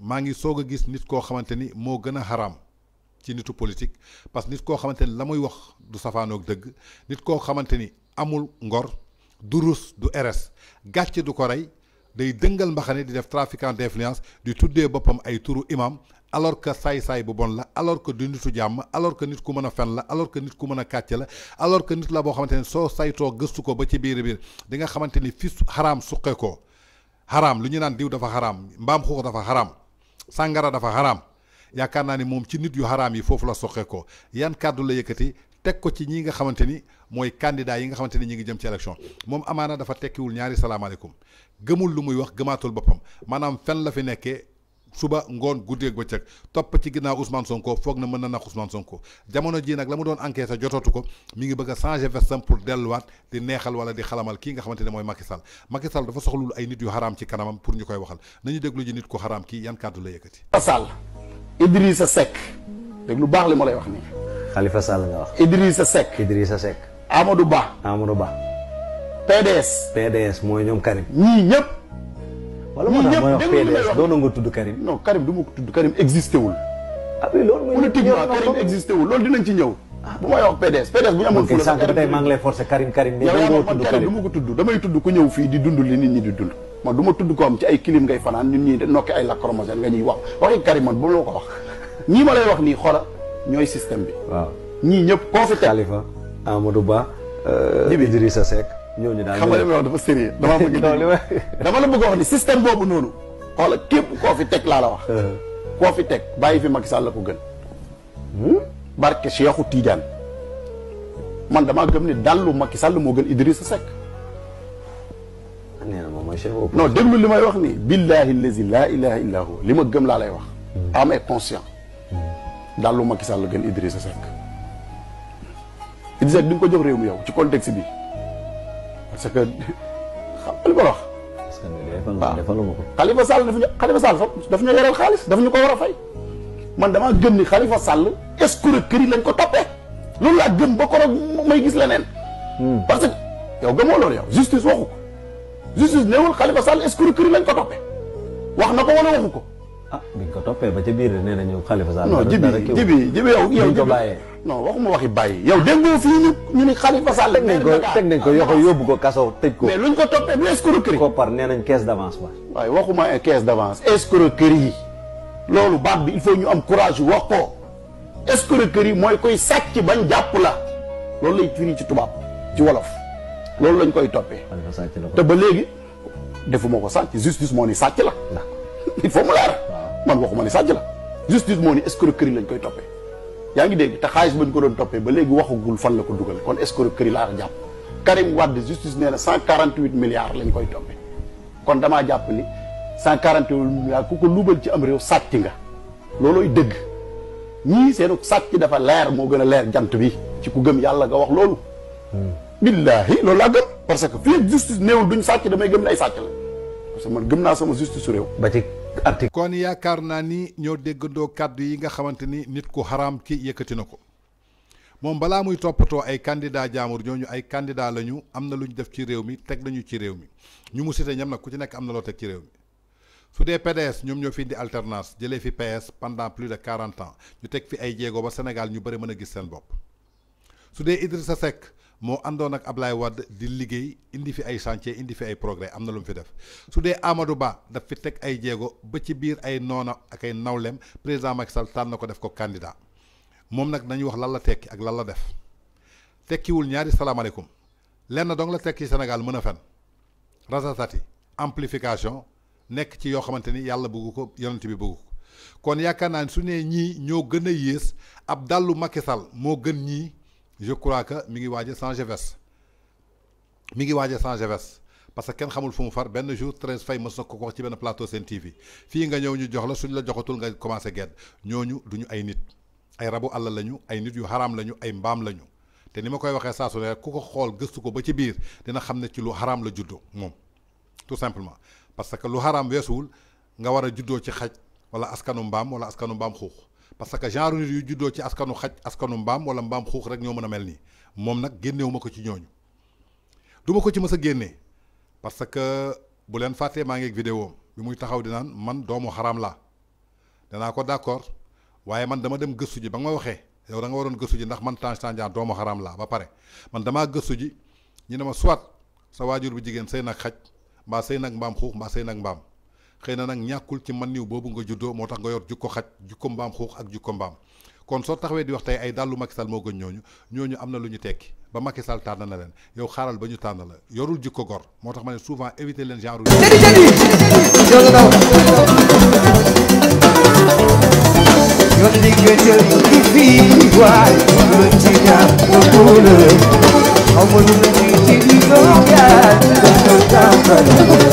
maa ngi soog a gis nit koo xamante ni moo gën a xaraam ci nitu politique parce que nit koo xamante ni la muy wax du safaanoog dëgg nit koo xamante ni amul ngor du rus du RS gàcce du ko rey day dëngal mbaxane di def trafiquant d'influence di tuddee boppam ay turu imam alors que saay-saay bu bon la alors que du nitu jàmm alors que nit ku mën a fen la alors que nit ku mën a kàcc la alors que nit la boo xamante ni soo saytoo gëstu ko ba ci biir biir di nga xamante ni fi xaraam suqe ko xaraam lu ñu naan diw dafa xaraam mbaam xuux dafa xaraam sàngara dafa xaraam yaakaar naa ni moom ci nit yu xaraam yi foofu la soqee ko yan kàddu la yëkkati teg ko ci ñi nga xamante ni mooy candidat yi nga xamante ni ñi ngi jëm ci élection moom amaana dafa tekkiwul ñaari salaamaaleykum gëmul lu muy wax gëmaatul boppam maanaam fen la fi nekkee suba ngoon guddeeg bëccëg topp ci ginnaaw Ousmane Sonko foog na mën na nax Ousmane Sonko jamono jii nag la mu doon enquête a jotootu ko mi ngi bëgg a changer versam pour delluwaat di neexal wala di xalamal kii nga xamante ne mooy Macky Sall Macky Sall dafa soxlul ay nit yu xaraam ci kanamam pour ñu koy waxal nañu déglu ji nit ko xaraam kii yan kàddu la yëkkati. Khalifa lu baax li ma lay wax nii. Khalifa Sall nga wax. Idrissa Seck Idrissa Seck. Amadou Ba Amadou Ba. PDS. PDS mooy ñoom Karim. ñii ñëpp. wala moo tax mooy doon nga tudd Karim. no Karim du ma ko tudd Karim existé wul. ah oui loolu existé wul loolu dinañ ci ñëw. Ah. bu may wax PDS PDS bu ñu amoon. fula sax Karim tey maa ngi lay forcer Karim Karim. mais yow man Karim du damay tudd ku ñëw fii di dund li nit ñi di dund. man du ma tudd ko am ci ay kilim ngay fanaan ñun ñii de nokki ay lacrymogène nga ñuy wax waxi Karim man bu ma la ko wax ñii ma lay wax nii xoola ñooy système bi. waaw ñii ñëpp koo fi teg Khalifa Amadou Ba. Euh, Idrissa Seck ñooñu daal xam nga li may wax dafa sérieux dama bëgg dama la bëgg wax ni système boobu noonu xoola képp koo fi teg laa la wax uh-huh. koo fi teg bàyyi fi Macky Sall la ko gën hmm? barke Cheikhou Tidiane man damaa gëm ni dallu Macky Sall moo gën Idrissa Seck nee na moom mooy chef non déglu li may wax ni billahi allazi la ilaha illa huwa li ma gëm laa lay wax hmm. am et conscient hmm. dallu Macky Sall gën Idrissa Seck Idrissa Seck di nga ko jox réew mi yow ci contexte bi parce que xam nga li ma wax. waaw defaluma ko. Khalifa Sall daf ñu Khalifa Sall daf ñu yoreel xaalis daf ñu ko war a fay man damaa gëm ni Khalifa Sall escroquerie lañ ko toppee loolu laa gëm ba koroog may gis leneen. parce que yow gëmoo loolu yow justice waxu ko justice néewul Khalifa Sall escroquerie lañ ko toppee wax na ko wala waxu ko. ah biñ ko toppee ba ca biir nee nañu Khalifa Sall. non jibi jibi jibi yow yow ko bàyyee. non waxuma waxi bàyyi. yow déggoo fii ñu ñu ni Khalifa Sall. teg nañ ko teg nañ ko yoxo yóbbu ko kaso tëj ko. mais luñ ko toppee bu escroquerie. koppar nee ba. waaye waxuma caisse d' avance. escroquerie loolu baat bi il faut ñu am courage wax ko escroquerie mooy koy sàcc bañ jàpp la loolu lay koy toppee. te ba léegi defuma ko sàcc justice moo ni sàcc la. il faut man waxuma ni sàcc la justice moo ni escroquerie lañ koy toppee yaa ngi dégg te xaalis bañ ko doon toppee ba léegi waxagul fan la ko dugal kon escroquerie laa jàpp Karim Wade justice nee na 148 milliards lañ koy toppee kon damaa jàpp ni 148 milliards ku ko luubal ci am réew sàcc nga loolooy dëgg ñii seenu sàcc dafa leer moo gën a jant bi ci ku gëm yàlla nga wax loolu billaahi loolu laa gëm parce que fii justice néewul duñ sàcc damay gëm ne ay la parce que man gëm naa sama justice su réew article. kon yaakaar naa ni ñoo déggandoo kàddu yi nga xamante ni nit ku xaraam ki yëkkati na ko moom balaa muy toppatoo ay candidat jaamur ñooñu ay candidat lañu am na lu ñu def ci réew mi teg nañu ci réew mi ñu mu cité ñam nag ku ci nekk am na loo teg ci réew mi su dee PDS ñoom ñoo fi indi alternance jëlee fi PS pendant plus de quarante ans ñu teg fi ay jéego ba Sénégal ñu bëri mën a gis seen bopp su dee sa Seck moo àndoon ak Ablaye Wade di liggéey indi fi ay chantier indi fi ay progrès am na lu mu fi def su dee Amadou Ba daf fi teg ay jéego ba ci biir ay noona ak ay nawleem président Macky Sall tànn na ko def ko kandidaa moom nag nañu wax lan la tekki ak lan la def tekkiwul ñaari salaamaaleykum lenn dong la tekki Sénégal mën a fen rasatati amplification nekk ci yoo xamante ni yàlla bëggu ko yonent bi bëggu ko kon yaakaar naa ne su ne ñii ñoo gën a yées ab dàllu Macky Sall moo gën ñii. je crois que mi ngi waaj a mi ngi waaj a parce que kenn xamul fu mu far benn jour Thérèse fay mos na ko ci benn plateau Sen TV fii nga ñëw ñu jox la suñ la joxatul nga commencé gedd ñooñu duñu ay nit ay rabu àll lañu ay nit yu xaraam lañu ay mbaam lañu te ni ma koy waxee saa su ku ko xool gëstu ko ba ci biir dina xam ne ci lu xaraam la juddoo moom tout simplement parce que lu xaraam weesuwul nga war a juddoo ci xaj wala askanu mbaam wala askanu mbaam xuux parce que genre nit yu juddoo ci askanu xaj askanu mbaam wala mbaam xuux rek ñoo mën a mel nii moom nag génnewuma ko ci ñooñu duma ko ci mës a génnee parce que bu leen fàttee maa ngi ak vidéo bi muy taxaw di naan man doomu xaram laa danaa ko d'accord waaye man dama dem gëstu ji ba nga waxee yow da nga waroon gëstu ji ndax man Tange Tandian doomu xaraam laa ba pare man damaa gëstu ji ñu ne ma soit sa waajur bu jigéen sëy nag xaj mbaa sëy nag mbaam xuux mbaa nag mbaam xëy na nag ñàkkul ci man boobu nga juddoo moo tax yor jukko xaj jukko mbaam xuux ak jukko kon soo taxawee di wax tey ay dàllu Macky Sall moo gën ñooñu am na lu ñu tekki ba Macky Sall na leen yow xaaral ba ñu tànn la yorul jikko gor moo tax ma ne souvent éviter leen genre. jëli jëli.